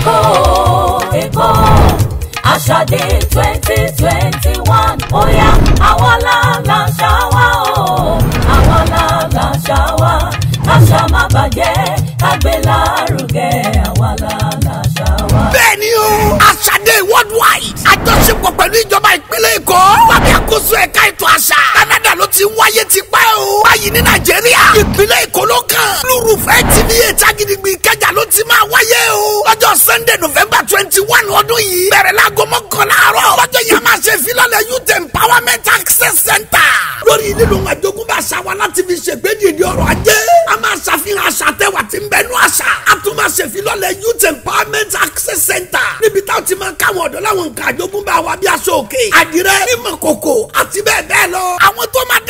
Eko, Eko, àṣàdé twenty twenty one ó yá àwọn làlà ṣáwá o àwọn làlà ṣáwá káṣá má bàjẹ́ kágbé lárugẹ àwọn làlà ṣáwá. bẹ́ẹ̀ni o àṣàdé worldwide àjọṣepọ̀ pẹ̀lú ìjọba ìpínlẹ̀ èkó lábẹ́ àkóso ẹ̀ka ètò àṣà Canada ló ti wáyé tipẹ́ o báyìí ní nàìjíríà ìpínlẹ̀ èkó roof HVH agidigbi ìkẹjà ló ti máa wáyé o lọ́jọ́ sunday november twenty one ọdún yìí bẹ̀rẹ̀ láago mọ́kànlá àárọ̀ lọ́jọ́ yìí a máa ṣe ìfilọ́lẹ̀ youth empowerment access center lórí lílo àjogúnbá àṣà wa láti fi ṣègbédìí ìdí ọrọ̀ ajé a máa ṣàfihàn àṣà tẹwà tí ń bẹ nú àṣà a tún máa ṣe ìfilọ́lẹ̀ youth empowerment access center níbi táwọn ti máa káwọn ọ̀dọ́ láwọn nǹkan àjogúnbá wa bí aṣọ òkè àdìrẹ mímọ̀kòkò àti bẹ́ẹ̀ bẹ́ẹ̀ lọ àwọn tó máa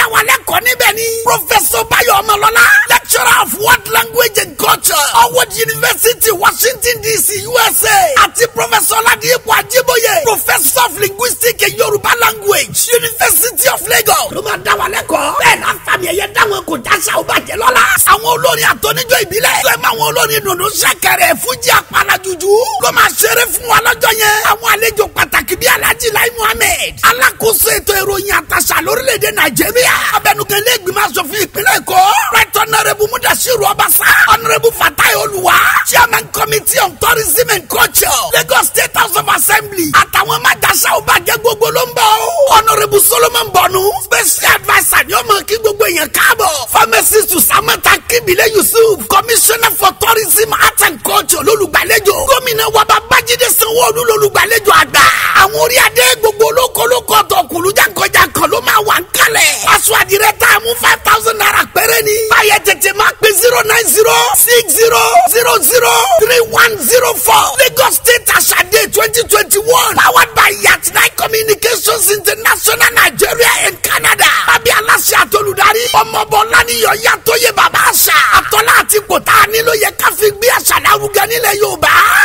Howard University, Washington DC, USA àti Professor Ladipo Ajiboye, Professor of Linguistics and Yoruba Language, University of Lagos. Ló máa dá wa lẹ́kọ̀ọ́. Bẹ́ẹ̀ la fàmì ẹ̀yẹ dáwọn kò dáṣà ó bàjẹ́ lọ́la. Àwọn olórin àtọ́níjọ́ ìbílẹ̀. Sọ ma àwọn olórin dùnú ṣẹ̀kẹ̀rẹ̀ fújì àpàlà jùjú. Ló máa ṣeré fún wa lọ́jọ́ yẹn. Àwọn àlejò pàtàkì bíi Alhaji Lai Muhammed. Alákòóso ètò ìròyìn àtàṣà lórílẹ̀‐èdè Nàìjíríà. Abẹnugan ilé ìgbìmọ̀ asòfin ìpínlẹ̀ Èkó. Right Honourable Mudasiru Ọbaṣá. Honourable Fat chairman committee on tourism and culture lagos state house of assembly àtàwọn májàṣà ò bàjẹ́ gbogbo ló ń bọ̀ ọ́ honourable solomon bọ̀nù special adviser ni ó mọ̀ kí gbogbo èèyàn káàbọ̀ pharmacist to samata kibile yusuf commissioner for tourism arts and culture lólùgbàlejò gómìnà wàbà bájídé sanwó-olu lólùgbàlejò àgbà àwọn orí adé gbogbo olókolókò tó kùlùjákọjákọ ló máa wà ń kalẹ̀ aṣọ àdìrẹ́ zero six zero zero zero three one zero four Lagos State Asade twenty twenty one powered by Yatnai Communications International Nigeria and Canada. Bábí aláṣẹ àtolùdarí ọmọbọ lánìyàn yàtọ̀ yé bàbá àṣà àtọ́lá àti kòtá nílò yẹ ká gbé àṣà lárugẹ nílẹ̀ Yorùbá.